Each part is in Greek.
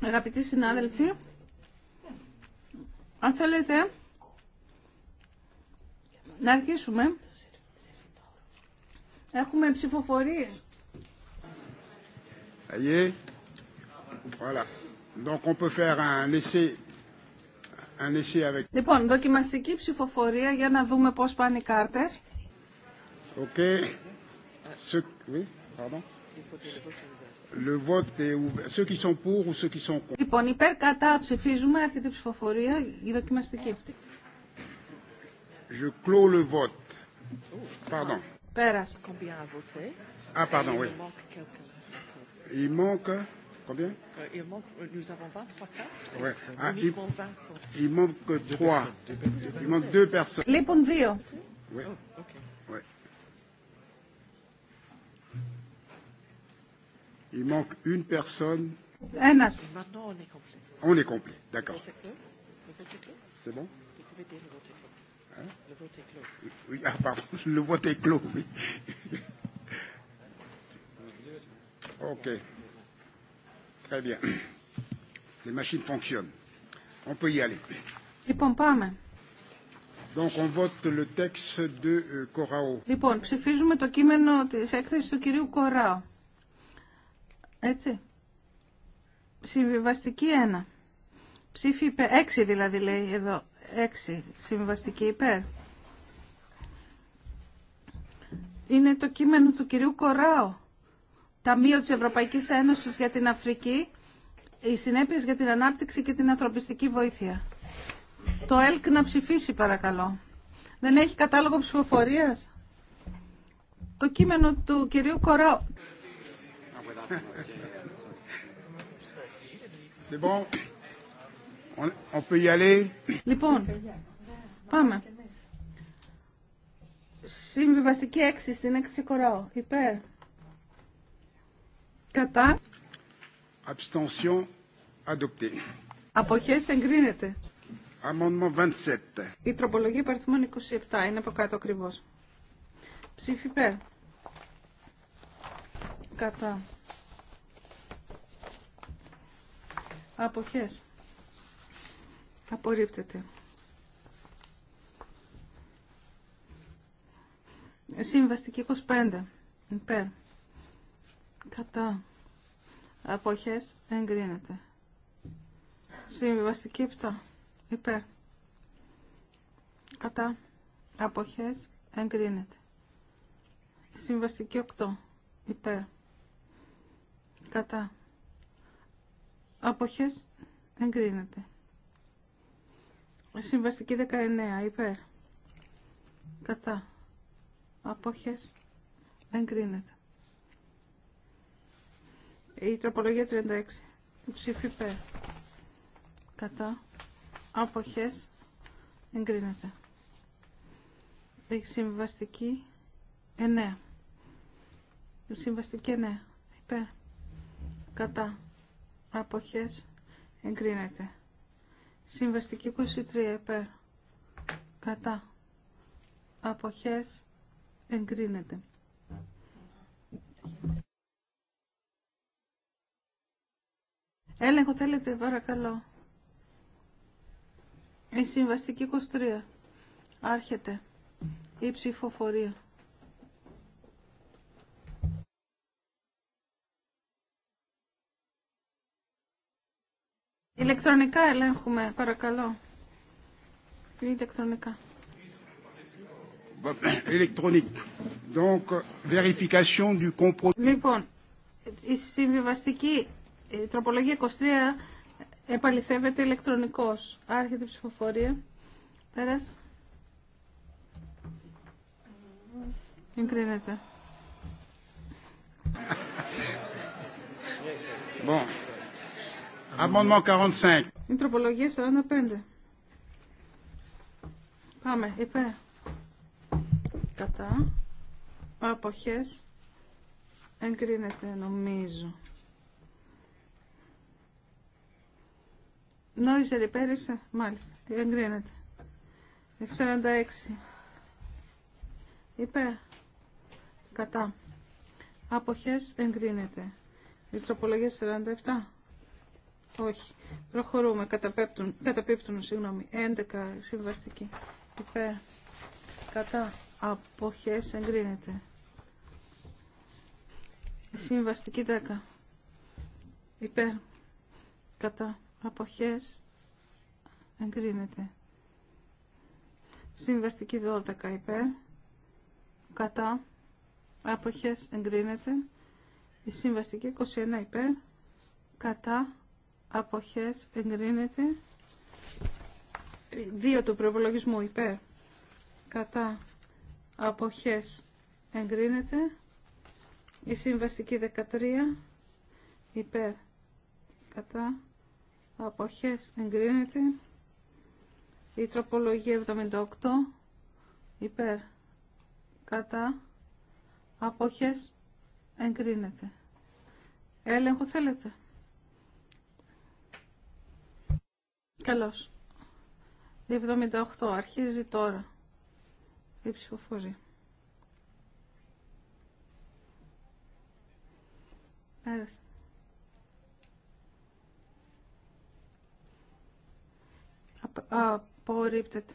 Αγαπητοί συνάδελφοι, αν θέλετε να αρχίσουμε, έχουμε ψηφοφορίες. Λοιπόν, δοκιμαστική ψηφοφορία για να δούμε πώς πάνε οι κάρτες. Okay. Oui, pardon. Le vote est ouvert. Ceux qui sont pour ou ceux qui sont contre. Λοιπόν, υπέρ κατά ψηφίζουμε, έρχεται η ψηφοφορία, η δοκιμαστική αυτή. Je clôt le vote. Pardon. Πέρασε. Combien a voté? Ah, pardon, oui. Il manque combien? Il manque, nous avons 23, 4. Ouais. il, manque 3. Il manque 2 personnes. Λοιπόν, 2. Oui. Oh, okay. Il manque une personne. maintenant On est complet. On est complet, D'accord. C'est bon Le Oui, ah, pardon, le vote est clos, oui. OK. Très bien. Les machines fonctionnent. On peut y aller. Λοιπόν, πάμε. Donc on vote le texte de Corao. Λοιπόν, ψηφίζουμε το κείμενο της έκθεσης του κυρίου Κοράου. Έτσι. Συμβιβαστική 1. Ψήφι υπέρ. 6 δηλαδή λέει εδώ. 6. Συμβιβαστική υπέρ. Είναι το κείμενο του κυρίου Κοράου. Ταμείο της Ευρωπαϊκής Ένωσης για την Αφρική. η συνέπειες για την ανάπτυξη και την ανθρωπιστική βοήθεια. Το ΕΛΚ να ψηφίσει παρακαλώ. Δεν έχει κατάλογο ψηφοφορίας. Το κείμενο του κυρίου Κοράου. Λοιπόν, πάμε. Συμβιβαστική έξι στην έκθεση Κοράου. Υπέρ. Κατά. Abstention adoptée. Αποχές εγκρίνεται. Amendement 27. Η τροπολογία υπαριθμών 27 είναι από κάτω ακριβώς. Ψήφι υπέρ. Κατά. Αποχές. Απορρίπτεται. Συμβαστική 25. Υπέρ. Κατά. Αποχές εγκρίνεται. Συμβαστική 7. Υπέρ. Κατά. Αποχές εγκρίνεται. Συμβαστική 8. Υπέρ. Κατά. Αποχές εγκρίνεται. Συμβαστική 19 υπέρ. Κατά. Αποχές εγκρίνεται. Η τροπολογία 36. Ψήφι υπέρ. Κατά. Αποχές εγκρίνεται. συμβαστική 9. συμβαστική 9. Υπέρ. Κατά αποχές εγκρίνεται. Συμβαστική 23 υπέρ κατά αποχές εγκρίνεται. Έλεγχο θέλετε παρακαλώ. Η συμβαστική 23 άρχεται η ψηφοφορία. Ηλεκτρονικά ελέγχουμε, παρακαλώ. Ηλεκτρονικά. Λοιπόν, η συμβιβαστική η τροπολογία 23 επαληθεύεται ηλεκτρονικώς. Άρχεται η ψηφοφορία. Πέρας. Εγκρίνεται. Bon. Amendement 45. Η τροπολογία 45. Πάμε, Είπε Κατά. Αποχές. Εγκρίνεται, νομίζω. Νόιζερ υπέρισε, μάλιστα, εγκρίνεται. 46. Είπε Κατά. Αποχές εγκρίνεται. Η τροπολογία 47. Όχι. Προχωρούμε. Καταπέπτουν, καταπέπτουν συγγνώμη. 11 συμβαστική. Υπέρ. Κατά. Αποχές εγκρίνεται. Συμβαστική 10. Υπέρ. Κατά. Αποχές εγκρίνεται. Συμβαστική 12 υπέρ. Κατά. Αποχές εγκρίνεται. Η συμβαστική 21 υπέρ. Κατά αποχές εγκρίνεται. Δύο του προπολογισμού υπέρ κατά αποχές εγκρίνεται. Η συμβαστική 13 υπέρ κατά αποχές εγκρίνεται. Η τροπολογία 78 υπέρ κατά αποχές εγκρίνεται. Έλεγχο θέλετε. Καλώς. 78. αρχίζει τώρα η ψηφοφορία. Πέρασε. Απορρίπτεται.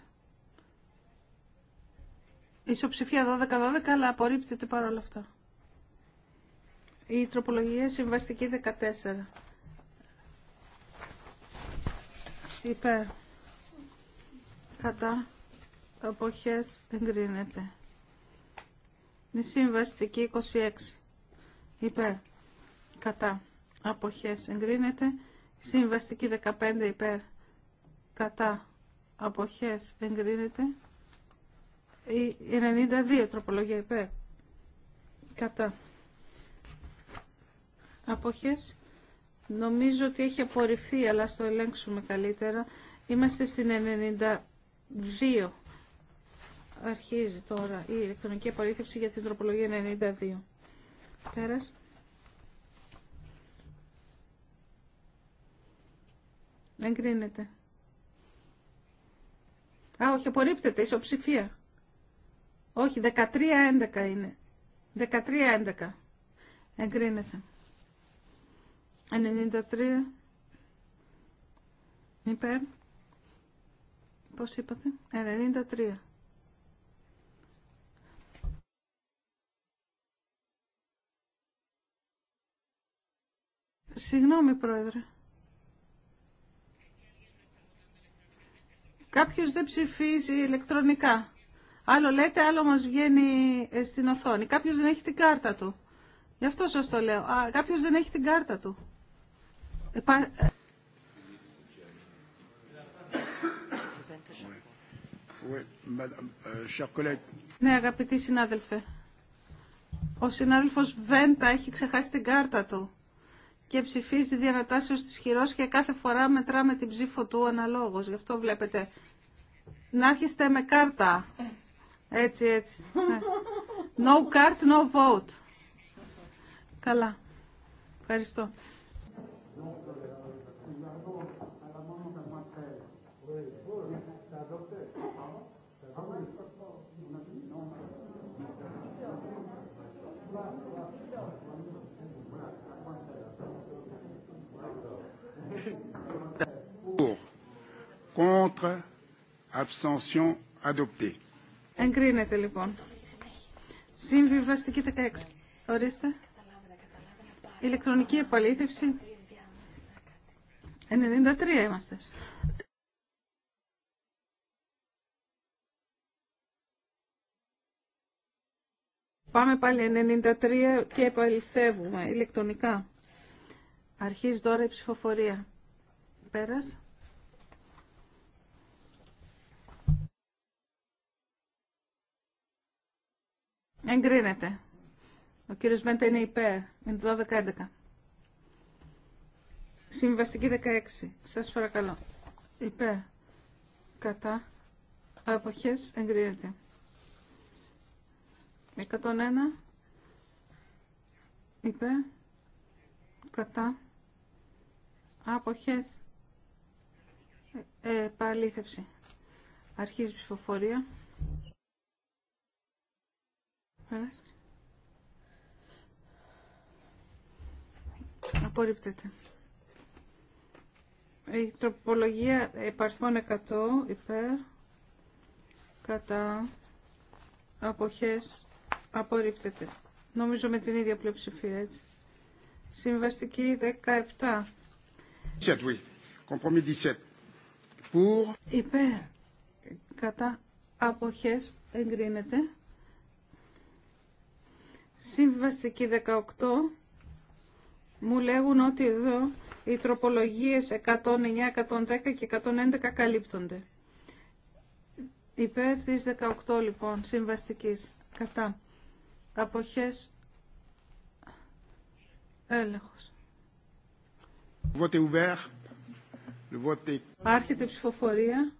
Ισοψηφία 12-12, αλλά απορρίπτεται παρόλα αυτά. Η τροπολογία συμβαστική 14. υπέρ κατά αποχές εγκρίνεται. Η συμβαστική 26 υπέρ κατά αποχές εγκρίνεται. Συμβαστική 15 υπέρ κατά αποχές εγκρίνεται. Η 92 τροπολογία υπέρ κατά αποχές Νομίζω ότι έχει απορριφθεί, αλλά στο ελέγξουμε καλύτερα. Είμαστε στην 92. Αρχίζει τώρα η ηλεκτρονική απορρίφευση για την τροπολογία 92. Πέρας. Εγκρίνεται. Α, όχι, απορρίπτεται, ισοψηφία. Όχι, 13-11 είναι. 13-11. Εγκρίνεται. 93 υπέρ πώς είπατε 93 Συγγνώμη πρόεδρε Κάποιος δεν ψηφίζει ηλεκτρονικά Άλλο λέτε, άλλο μας βγαίνει ε, στην οθόνη. Κάποιος δεν έχει την κάρτα του. Γι' αυτό σας το λέω. Α, κάποιος δεν έχει την κάρτα του. Ναι, αγαπητοί συνάδελφε. Ο συνάδελφος Βέντα έχει ξεχάσει την κάρτα του και ψηφίζει διανατάσεως της χειρός και κάθε φορά μετράμε την ψήφο του αναλόγως. Γι' αυτό βλέπετε. Να έρχεστε με κάρτα. Έτσι, έτσι. Ναι. No card, no vote. Καλά. Ευχαριστώ. Pour. Contre. Abstention. Adopté. Εγκρίνεται λοιπόν. Συμβιβαστική 16. Ορίστε. Ηλεκτρονική επαλήθευση. 93 είμαστε. Πάμε πάλι 93 και επαληθεύουμε ηλεκτρονικά. Αρχίζει τώρα η ψηφοφορία. Πέρας. Εγκρίνεται. Ο κύριος Μέντα είναι υπέρ. Είναι 12-11. Συμβαστική 16. Σας παρακαλώ. Υπέρ. Κατά. Αποχές. Εγκρίνεται. 101. Υπέρ. Κατά. Αποχές. Ε, παλήθευση. Αρχίζει ψηφοφορία. Πέρας. Απορρίπτεται. Η τροπολογία υπαρθμών 100 υπέρ κατά αποχές απορρίπτεται. Νομίζω με την ίδια πλειοψηφία έτσι. Συμβαστική 17 17, Υπέρ. Κατά αποχές εγκρίνεται. Συμβαστική 18. Μου λέγουν ότι εδώ οι τροπολογίες 109, 110 και 111 καλύπτονται. Υπέρ τη 18 λοιπόν συμβαστική Κατά. Αποχές έλεγχος. Άρχεται η ψηφοφορία.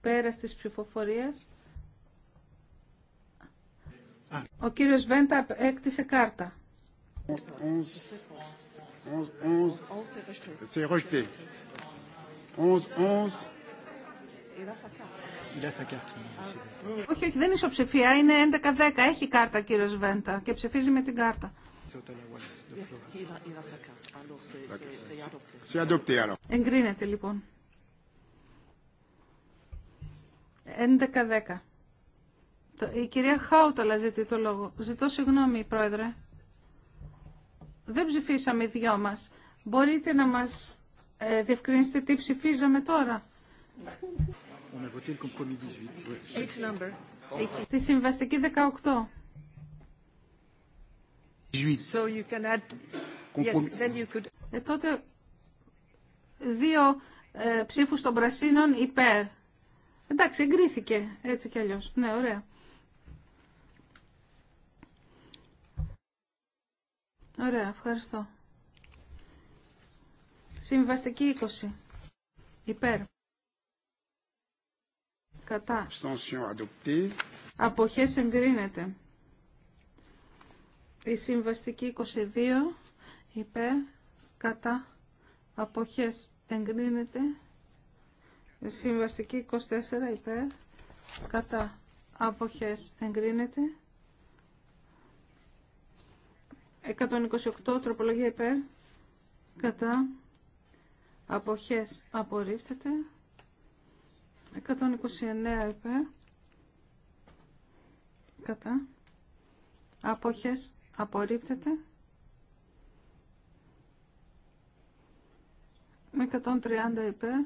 Πέρα της ψηφοφορίας. Ο κύριος Βέντα έκτισε κάρτα. 11, 11. Όχι, όχι, δεν είναι ισοψηφία, είναι 11-10. Έχει κάρτα κύριο Βέντα και ψηφίζει με την κάρτα. Εγκρίνεται ah, λοιπόν. 11-10. Η κυρία Χάουταλα ζητεί το λόγο. Ζητώ συγγνώμη, Πρόεδρε. Δεν ψηφίσαμε οι δυο μας. Μπορείτε να μας ε, διευκρινίσετε τι ψηφίζαμε τώρα. Τη συμβαστική 18 ε, τότε δύο ε, ψήφους των πρασίνων υπέρ. Εντάξει, εγκρίθηκε έτσι κι αλλιώς. Ναι, ωραία. Ωραία, ευχαριστώ. Συμβαστική 20. Υπέρ. Κατά. Αποχές εγκρίνεται. Η συμβαστική 22 υπέρ κατά αποχές εγκρίνεται. Η συμβαστική 24 υπέρ κατά αποχές εγκρίνεται. 128 τροπολογία υπέρ κατά αποχές απορρίπτεται. 129 υπέρ κατά αποχές απορρίπτεται με 130 υπέρ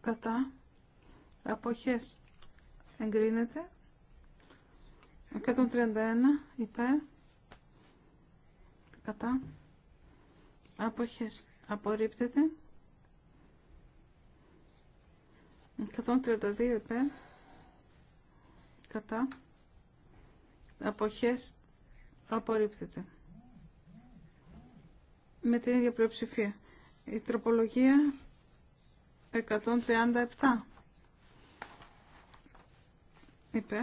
κατά αποχές εγκρίνεται 131 υπέρ κατά αποχές απορρίπτεται 132 υπέρ κατά αποχές απορρίπτεται. Με την ίδια πλειοψηφία. Η τροπολογία 137 ειπέ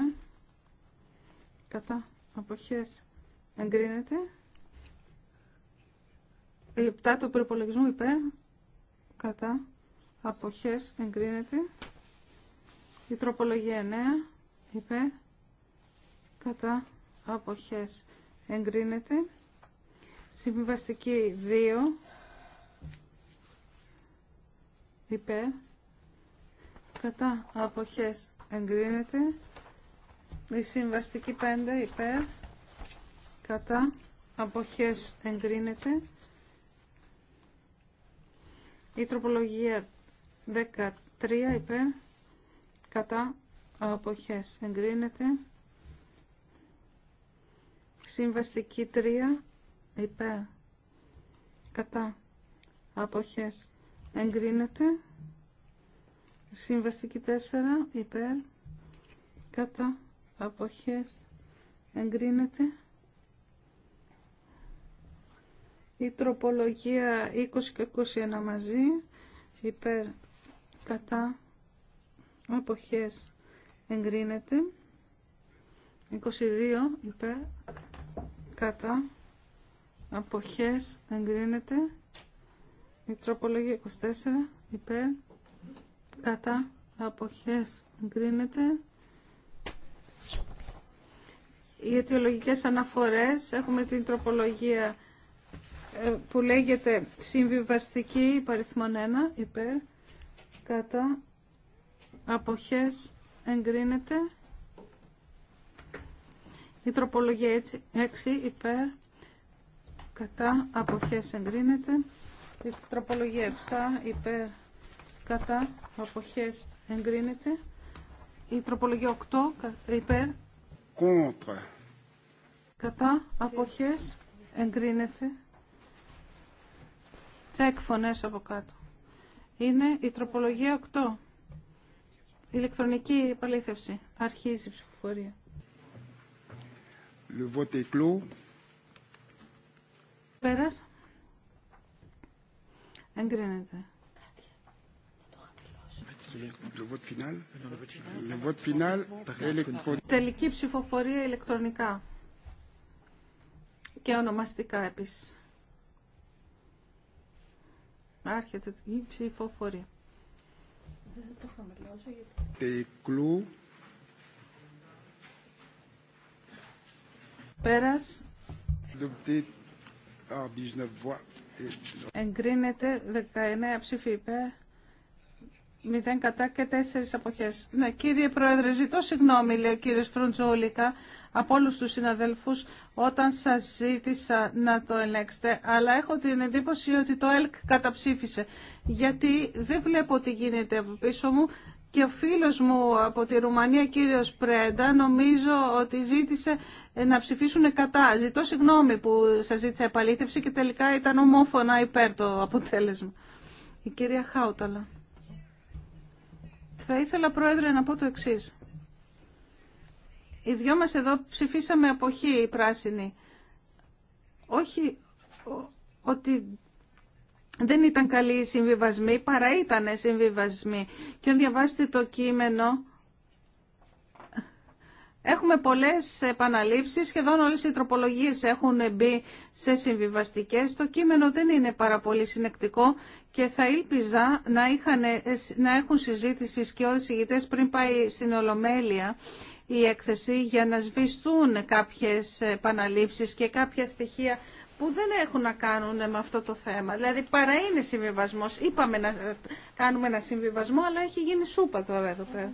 κατά αποχές εγκρίνεται. Η 7 του προπολογισμού ειπέ κατά αποχές εγκρίνεται. Η τροπολογία 9 ειπέ κατά αποχές εγκρίνεται. Συμβιβαστική 2 υπέρ κατά αποχές εγκρίνεται. Η συμβαστική 5 υπέρ κατά αποχές εγκρίνεται. Η τροπολογία 13 υπέρ κατά αποχές εγκρίνεται. Συμβαστική 3 υπέρ κατά αποχές εγκρίνεται. Συμβαστική 4 υπέρ κατά αποχές εγκρίνεται. Η τροπολογία 20 και 21 μαζί υπέρ κατά αποχές εγκρίνεται. 22 υπέρ κατά αποχές εγκρίνεται η τροπολογία 24 υπέρ κατά αποχές εγκρίνεται οι αιτιολογικές αναφορές έχουμε την τροπολογία ε, που λέγεται συμβιβαστική υπαριθμόν 1 υπέρ κατά αποχές εγκρίνεται η τροπολογία 6 υπέρ κατά αποχές εγκρίνεται. Η τροπολογία 7 υπέρ κατά αποχές εγκρίνεται. Η τροπολογία 8 υπέρ κατά αποχές εγκρίνεται. Τσεκ φωνές από κάτω. Είναι η τροπολογία 8. Ηλεκτρονική επαλήθευση. Αρχίζει η ψηφοφορία. Le vote est clos. Pérez. Εγκρίνεται. Le vote final. Le vote final. Τελική ψηφοφορία ηλεκτρονικά. Και ονομαστικά επίσης. Άρχεται η ψηφοφορία. Δεν το χαμηλώσω γιατί... Τεκλού. Πέρας. Εγκρίνεται 19 ψήφοι υπέρ. 0 κατά και 4 αποχές. Ναι, κύριε Πρόεδρε, ζητώ συγγνώμη, λέει ο κύριος Φροντζούλικα, από όλου τους συναδέλφους, όταν σας ζήτησα να το ελέγξετε, αλλά έχω την εντύπωση ότι το ΕΛΚ καταψήφισε, γιατί δεν βλέπω τι γίνεται από πίσω μου, και ο φίλος μου από τη Ρουμανία, κύριος Πρέντα, νομίζω ότι ζήτησε να ψηφίσουν κατά. Ζητώ συγγνώμη που σας ζήτησα επαλήθευση και τελικά ήταν ομόφωνα υπέρ το αποτέλεσμα. Η κυρία Χάουταλα. Θα ήθελα, Πρόεδρε, να πω το εξή. Οι δυο μας εδώ ψηφίσαμε αποχή οι πράσινοι. Όχι ότι δεν ήταν καλή οι συμβιβασμοί, παρά ήταν συμβιβασμοί. Και αν διαβάσετε το κείμενο, έχουμε πολλές επαναλήψεις, σχεδόν όλες οι τροπολογίες έχουν μπει σε συμβιβαστικές. Το κείμενο δεν είναι πάρα πολύ συνεκτικό και θα ήλπιζα να, είχαν, να έχουν συζήτηση και ηγητές πριν πάει στην Ολομέλεια η έκθεση για να σβηστούν κάποιες επαναλήψεις και κάποια στοιχεία που δεν έχουν να κάνουν με αυτό το θέμα. Δηλαδή παρά είναι συμβιβασμός. Είπαμε να κάνουμε ένα συμβιβασμό, αλλά έχει γίνει σούπα τώρα εδώ πέρα.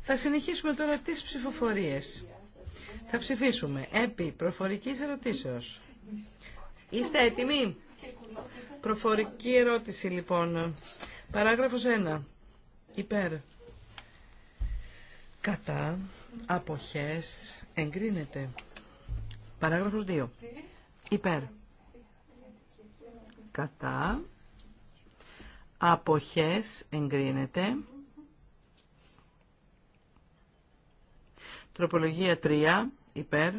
Θα συνεχίσουμε τώρα τις ψηφοφορίες. Θα ψηφίσουμε επί προφορικής ερωτήσεως. Είστε έτοιμοι? Προφορική ερώτηση λοιπόν. Παράγραφος 1. Υπέρ. Κατά. Αποχές. Εγκρίνεται. Παράγραφος 2. Υπέρ. Κατά αποχές εγκρίνεται. Τροπολογία 3 υπέρ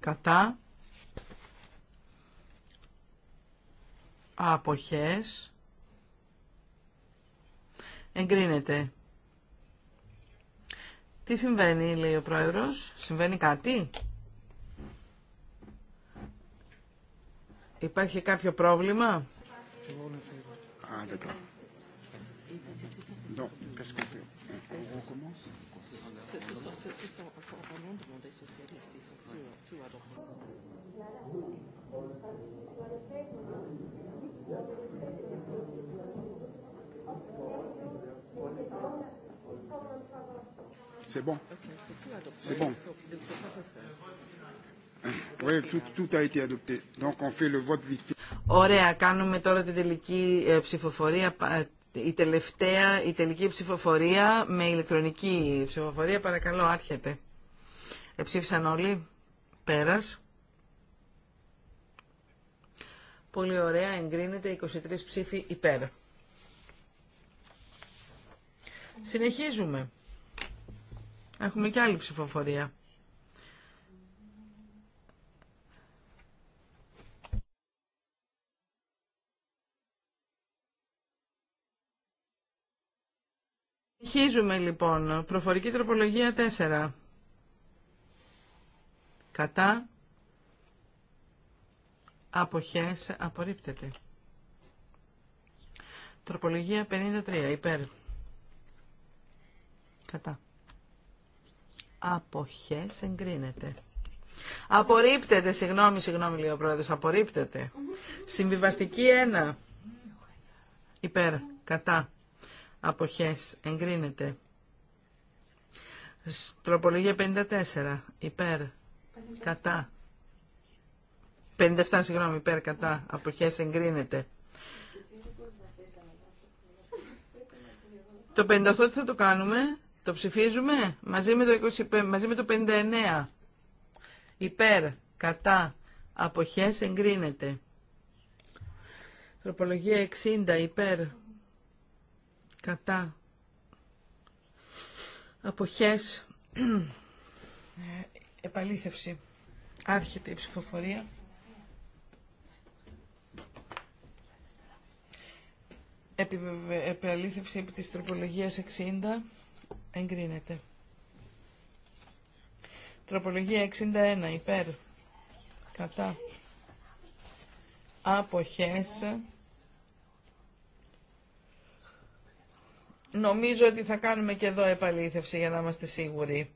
κατά αποχές εγκρίνεται. Τι συμβαίνει, λέει ο πρόεδρος, συμβαίνει κάτι. Υπάρχει κάποιο πρόβλημα. Ah, d'accord. Donc, qu'est-ce qu'on fait On recommence Ce sont, ce sont, ce sont vraiment socialistes, ils sont tout, tout à droite. C'est bon. C'est bon. Oui, tout, tout a été adopté. Donc on fait le vote vite Ωραία, κάνουμε τώρα την τελική ε, ψηφοφορία, η τελευταία, η τελική ψηφοφορία με ηλεκτρονική ψηφοφορία. Παρακαλώ, άρχεται. Εψήφισαν όλοι. Πέρας. Πολύ ωραία, εγκρίνεται 23 ψήφοι υπέρ. Συνεχίζουμε. Έχουμε και άλλη ψηφοφορία. Αρχίζουμε λοιπόν. Προφορική τροπολογία 4. Κατά. Αποχές. Απορρίπτεται. Τροπολογία 53. Υπέρ. Κατά. Αποχές εγκρίνεται. Απορρίπτεται. Συγγνώμη, συγγνώμη λέει ο πρόεδρος. Απορρίπτεται. Συμβιβαστική 1. Υπέρ. Κατά αποχές εγκρίνεται. Τροπολογία 54 υπέρ κατά 57 συγγνώμη υπέρ κατά αποχές εγκρίνεται. Το 58 θα το κάνουμε, το ψηφίζουμε μαζί με το, 25, μαζί με το 59 υπέρ κατά αποχές εγκρίνεται. Τροπολογία 60 υπέρ κατά αποχές ε, επαλήθευση άρχεται η ψηφοφορία επαλήθευση επί της τροπολογίας 60 εγκρίνεται τροπολογία 61 υπέρ κατά αποχές Νομίζω ότι θα κάνουμε και εδώ επαλήθευση για να είμαστε σίγουροι.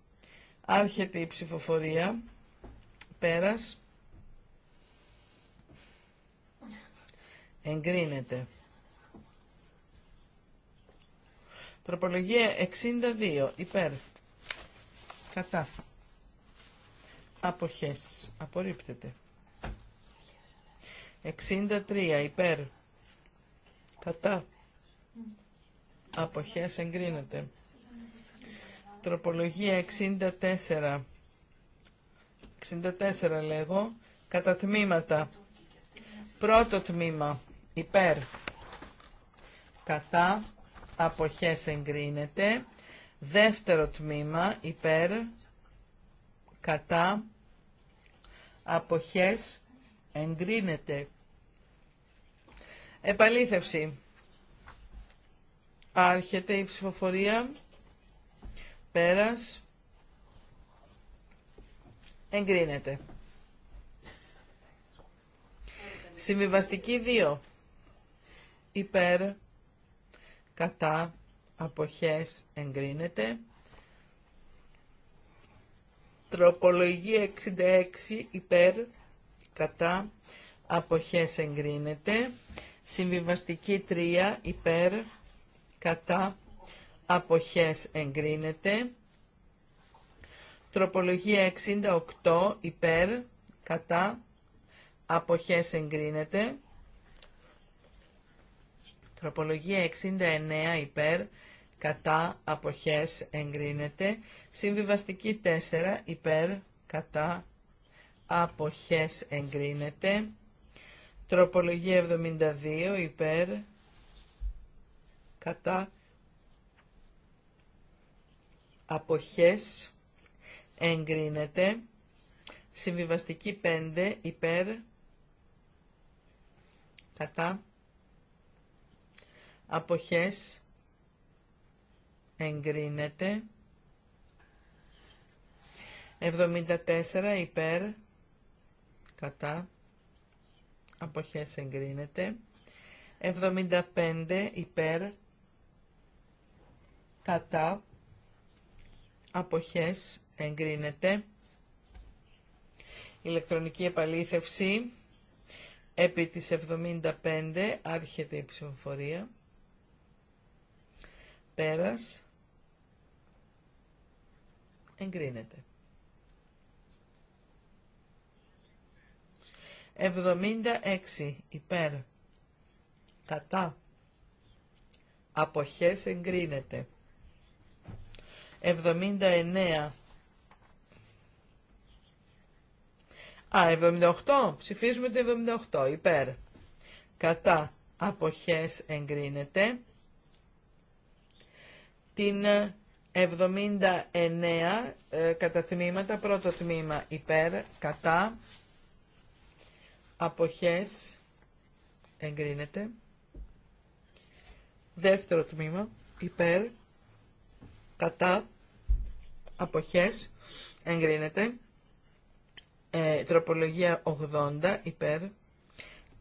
Άρχεται η ψηφοφορία. Πέρας. Εγκρίνεται. Τροπολογία 62. Υπέρ. Κατά. Αποχές. Απορρίπτεται. 63. Υπέρ. Κατά αποχές εγκρίνεται. Τροπολογία 64. 64 λέγω. Κατά τμήματα. Πρώτο τμήμα. Υπέρ. Κατά. Αποχές εγκρίνεται. Δεύτερο τμήμα. Υπέρ. Κατά. Αποχές εγκρίνεται. Επαλήθευση. Άρχεται η ψηφοφορία. Πέρας. Εγκρίνεται. Συμβιβαστική 2. Υπέρ. Κατά. Αποχές. Εγκρίνεται. Τροπολογία 66. Υπέρ. Κατά. Αποχές εγκρίνεται. Συμβιβαστική 3. Υπέρ κατά αποχές εγκρίνεται. Τροπολογία 68 υπέρ κατά αποχές εγκρίνεται. Τροπολογία 69 υπέρ κατά αποχές εγκρίνεται. Συμβιβαστική 4 υπέρ κατά αποχές εγκρίνεται. Τροπολογία 72 υπέρ κατά αποχές εγκρίνεται συμβιβαστική 5 υπέρ κατά αποχές εγκρίνεται 74 υπέρ κατά αποχές εγκρίνεται 75 υπέρ κατά αποχές εγκρίνεται ηλεκτρονική επαλήθευση επί της 75 άρχεται η ψηφοφορία πέρας εγκρίνεται 76 υπέρ κατά αποχές εγκρίνεται 79. Α, 78. Ψηφίζουμε το 78. Υπέρ. Κατά αποχές εγκρίνεται. Την 79 ε, κατά τμήματα. Πρώτο τμήμα υπέρ. Κατά αποχές εγκρίνεται. Δεύτερο τμήμα υπέρ κατά αποχές εγκρίνεται ε, τροπολογία 80 υπέρ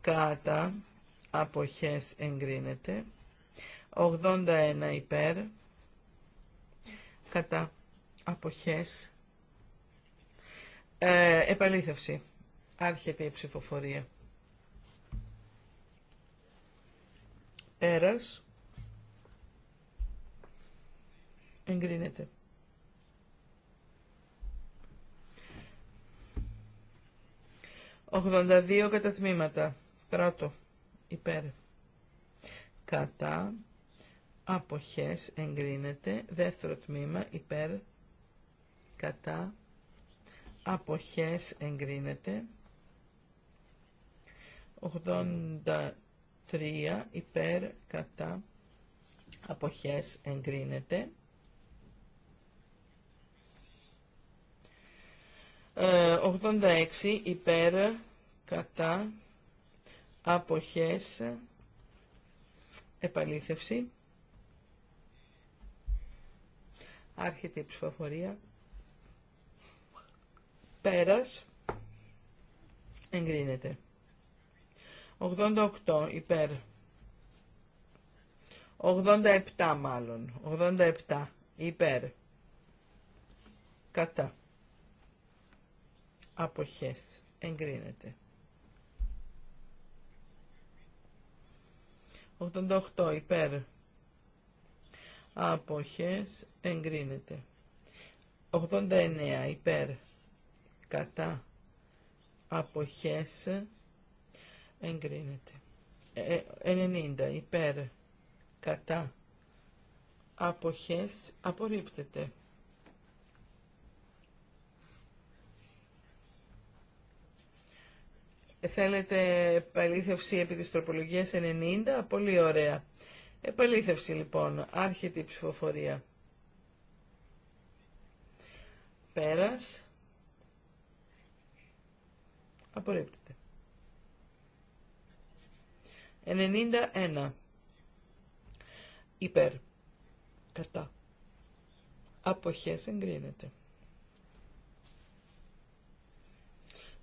κατά αποχές εγκρίνεται 81 υπέρ κατά αποχές ε, επαλήθευση άρχεται η ψηφοφορία πέρας Εγκρίνεται. 82 καταθμήματα. Πρώτο. Υπέρ. Κατά. Αποχές. Εγκρίνεται. Δεύτερο τμήμα. Υπέρ. Κατά. Αποχές. Εγκρίνεται. 83 υπέρ κατά αποχές εγκρίνεται 86 ε, υπέρ κατά αποχές επαλήθευση άρχεται η ψηφοφορία πέρας εγκρίνεται 88 υπέρ 87 μάλλον 87 υπέρ κατά αποχές εγκρίνεται. 88 υπέρ αποχές εγκρίνεται. 89 υπέρ κατά αποχές εγκρίνεται. 90 ε, υπέρ κατά αποχές απορρίπτεται. Θέλετε επαλήθευση επί της τροπολογίας 90. Πολύ ωραία. Επαλήθευση λοιπόν. Άρχεται η ψηφοφορία. Πέρας. Απορρίπτεται. 91. Υπέρ. Κατά. Αποχές εγκρίνεται.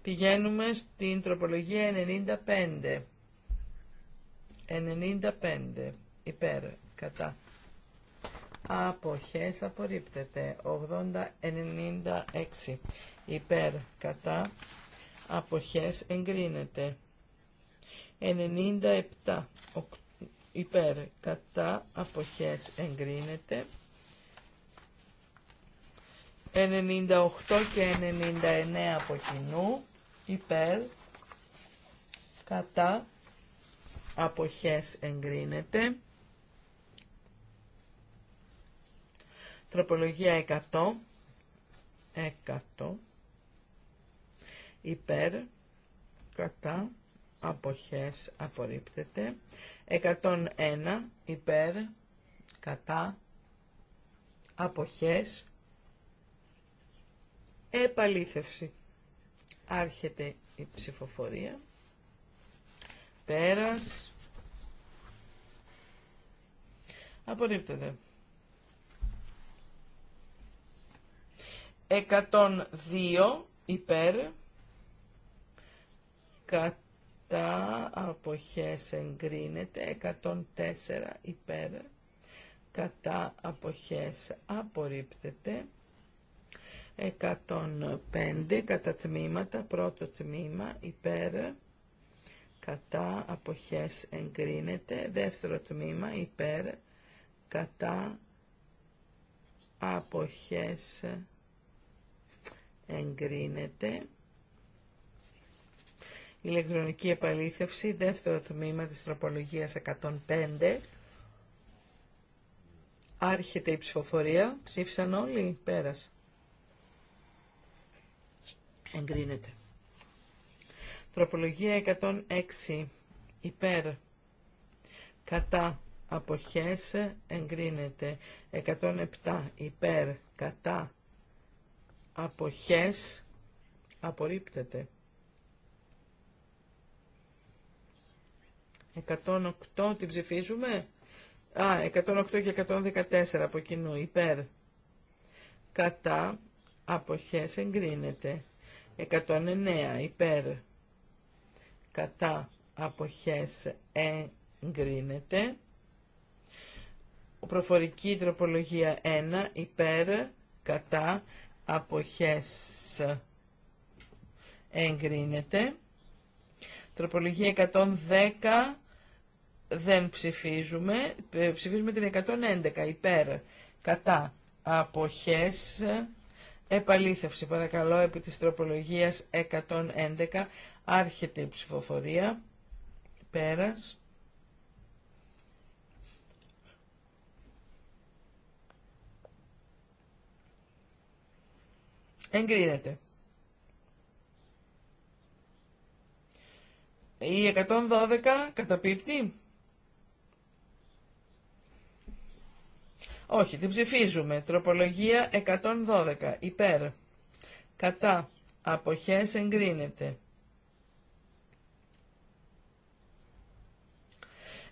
Πηγαίνουμε στην τροπολογία 95. 95. Υπέρ. Κατά. Αποχές απορρίπτεται. 80-96. Υπέρ. Κατά. Αποχές εγκρίνεται. 97. Υπέρ. Κατά. Αποχές εγκρίνεται. 98 και 99 από κοινού υπέρ, κατά, αποχές εγκρίνεται. Τροπολογία 100, 100, υπέρ, κατά, αποχές απορρίπτεται. 101, υπέρ, κατά, αποχές, επαλήθευση. Άρχεται η ψηφοφορία. Πέρας. Απορρίπτεται. 102 υπέρ κατά αποχές εγκρίνεται 104 υπέρ κατά αποχές απορρίπτεται 105 κατά τμήματα, πρώτο τμήμα υπέρ, κατά αποχές εγκρίνεται, δεύτερο τμήμα υπέρ, κατά αποχές εγκρίνεται. Ηλεκτρονική επαλήθευση, δεύτερο τμήμα της τροπολογίας 105. Άρχεται η ψηφοφορία. Ψήφισαν όλοι. Πέρασε εγκρίνεται. Τροπολογία 106 υπέρ κατά αποχές εγκρίνεται. 107 υπέρ κατά αποχές απορρίπτεται. 108 την ψηφίζουμε. Α, 108 και 114 από κοινού υπέρ κατά αποχές εγκρίνεται. 109 υπέρ κατά αποχές εγκρίνεται. Προφορική τροπολογία 1 υπέρ κατά αποχές εγκρίνεται. Τροπολογία 110 δεν ψηφίζουμε. Ε, ψηφίζουμε την 111 υπέρ κατά αποχές Επαλήθευση παρακαλώ επί της τροπολογίας 111. Άρχεται η ψηφοφορία. Πέρας. Εγκρίνεται. Η 112 καταπίπτει. Όχι, την ψηφίζουμε. Τροπολογία 112. Υπέρ. Κατά. Αποχές εγκρίνεται.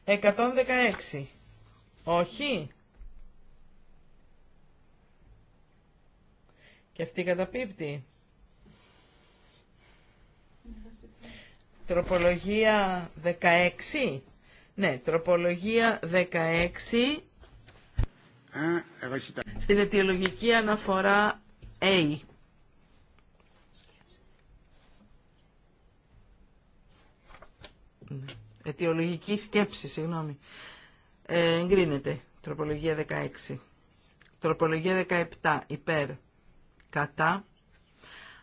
116. Όχι. Και αυτή καταπίπτει. Τροπολογία 16. Ναι, τροπολογία 16 στην αιτιολογική αναφορά A. Ναι. Αιτιολογική σκέψη, συγγνώμη. Ε, εγκρίνεται. Τροπολογία 16. Τροπολογία 17. Υπέρ. Κατά.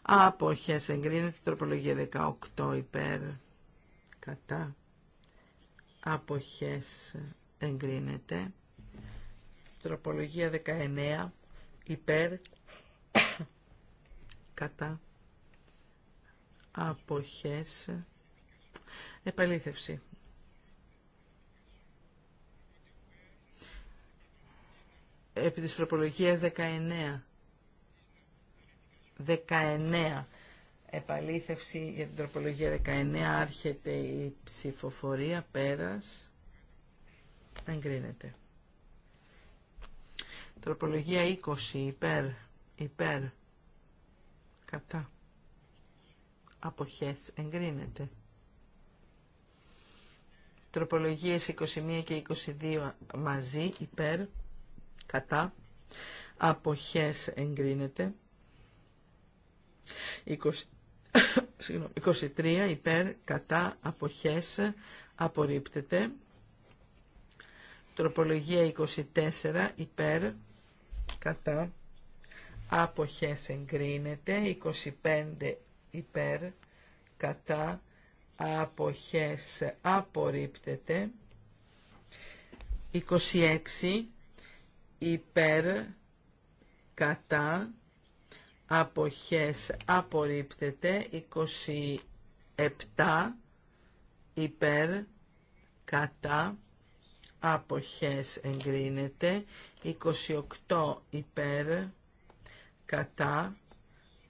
Αποχές εγκρίνεται. Τροπολογία 18. Υπέρ. Κατά. Αποχές εγκρίνεται. Τροπολογία 19 υπέρ κατά αποχές επαλήθευση. Επί της τροπολογίας 19. 19. Επαλήθευση για την τροπολογία 19. Άρχεται η ψηφοφορία πέρας. Εγκρίνεται. Τροπολογία 20 υπέρ, υπέρ, κατά. Αποχές εγκρίνεται. Τροπολογίες 21 και 22 μαζί υπέρ, κατά. Αποχές εγκρίνεται. 23 υπέρ, κατά, αποχές απορρίπτεται. Τροπολογία 24 υπέρ, κατά άποχες εγκρίνεται 25 υπέρ κατά άποχες απορρίπτεται 26 υπέρ κατά αποχές απορρίπτεται 27 υπέρ κατά αποχές εγκρίνεται, 28 υπέρ κατά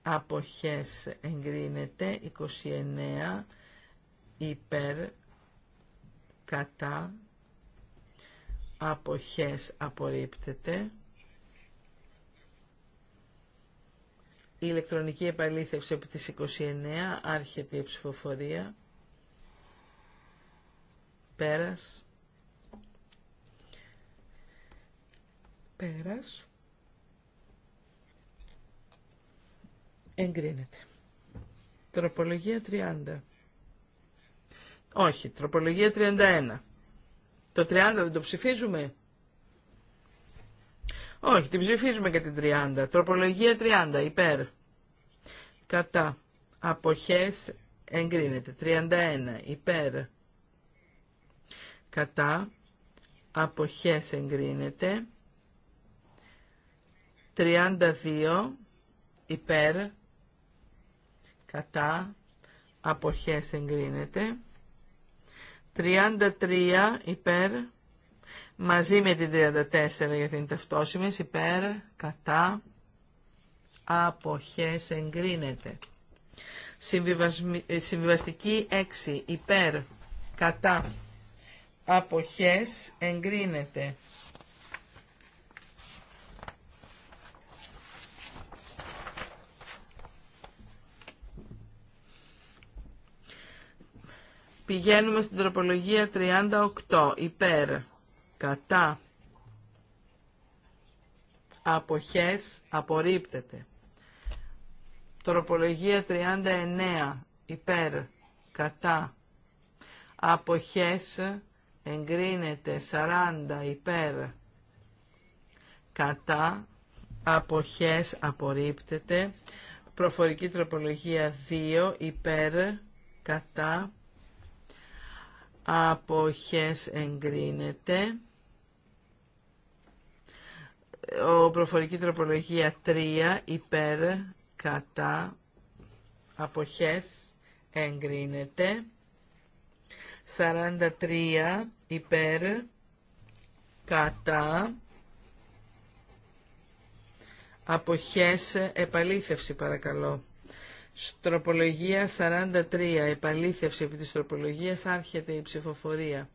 αποχές εγκρίνεται, 29 υπέρ κατά αποχές απορρίπτεται. Η ηλεκτρονική επαλήθευση από τις 29 άρχεται η ψηφοφορία. Πέρας. Πέρας. Εγκρίνεται. Τροπολογία 30. Όχι, τροπολογία 31. Το 30 δεν το ψηφίζουμε. Όχι, την ψηφίζουμε και την 30. Τροπολογία 30, υπέρ. Κατά. Αποχές εγκρίνεται. 31, υπέρ. Κατά. Αποχές εγκρίνεται. 32 υπέρ κατά αποχές εγκρίνεται 33 υπέρ μαζί με την 34 γιατί είναι ταυτόσιμες υπέρ κατά αποχές εγκρίνεται ε, συμβιβαστική 6 υπέρ κατά αποχές εγκρίνεται Πηγαίνουμε στην τροπολογία 38. Υπέρ. Κατά. Αποχές. Απορρίπτεται. Τροπολογία 39. Υπέρ. Κατά. Αποχές. Εγκρίνεται. 40. Υπέρ. Κατά. Αποχές. Απορρίπτεται. Προφορική τροπολογία 2. Υπέρ. Κατά αποχές εγκρίνεται. Ο προφορική τροπολογία 3 υπέρ κατά αποχές εγκρίνεται. 43 υπέρ κατά αποχές επαλήθευση παρακαλώ. Στροπολογία 43. Επαλήθευση επί της τροπολογίας. Άρχεται η ψηφοφορία.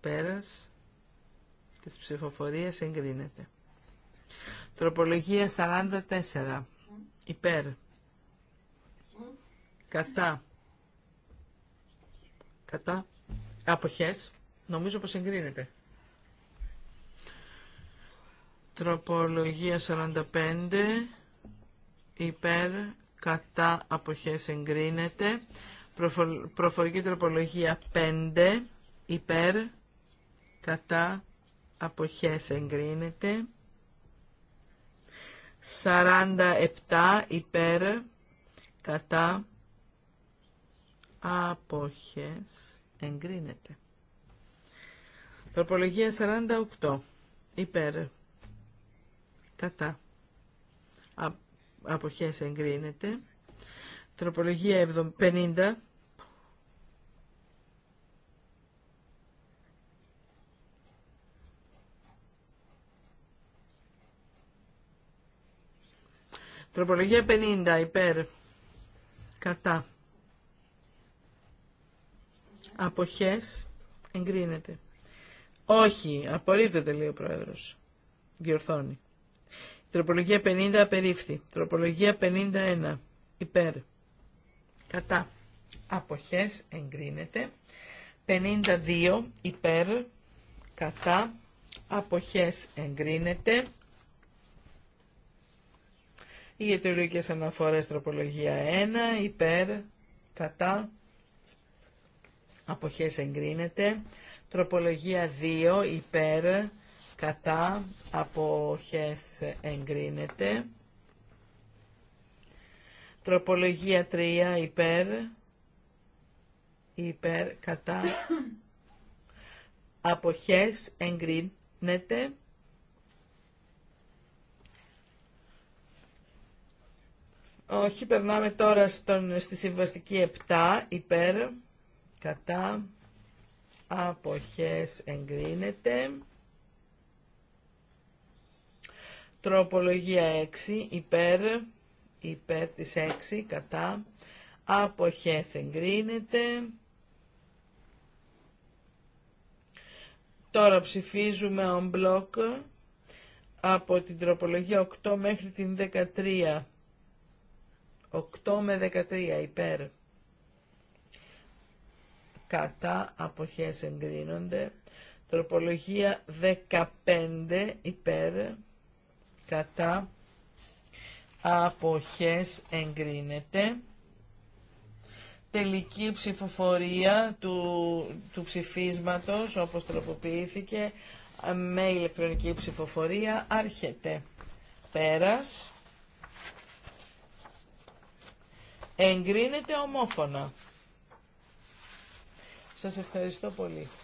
Πέρας της ψηφοφορίας εγκρίνεται. Τροπολογία 44. Υπέρ. Κατά. Κατά. Αποχές. Νομίζω πως εγκρίνεται. Τροπολογία 45 υπέρ κατά αποχές εγκρίνεται. Προφορική τροπολογία 5 υπέρ κατά αποχές εγκρίνεται. 47 υπέρ κατά αποχές εγκρίνεται. Τροπολογία 48 υπέρ κατά αποχές εγκρίνεται. Τροπολογία 50. Τροπολογία 50 υπέρ κατά αποχές εγκρίνεται. Όχι, απορρίπτεται λέει ο Πρόεδρος. Διορθώνει. Τροπολογία 50 απερίφθη. Τροπολογία 51 υπέρ. Κατά. Αποχές εγκρίνεται. 52 υπέρ. Κατά. Αποχές εγκρίνεται. Οι αιτιολογικές αναφορές τροπολογία 1 υπέρ. Κατά. Αποχές εγκρίνεται. Τροπολογία 2 υπέρ κατά αποχές εγκρίνεται. Τροπολογία 3 υπέρ, υπέρ κατά αποχές εγκρίνεται. Όχι, περνάμε τώρα στον, στη συμβαστική 7 υπέρ κατά αποχές εγκρίνεται. Τροπολογία 6 υπέρ, υπέρ της 6 κατά. Αποχές εγκρίνεται. Τώρα ψηφίζουμε on block από την τροπολογία 8 μέχρι την 13. 8 με 13 υπέρ. Κατά αποχές εγκρίνονται. Τροπολογία 15 υπέρ κατά αποχές εγκρίνεται. Τελική ψηφοφορία του, του ψηφίσματος όπως τροποποιήθηκε με ηλεκτρονική ψηφοφορία άρχεται. Πέρας. Εγκρίνεται ομόφωνα. Σας ευχαριστώ πολύ.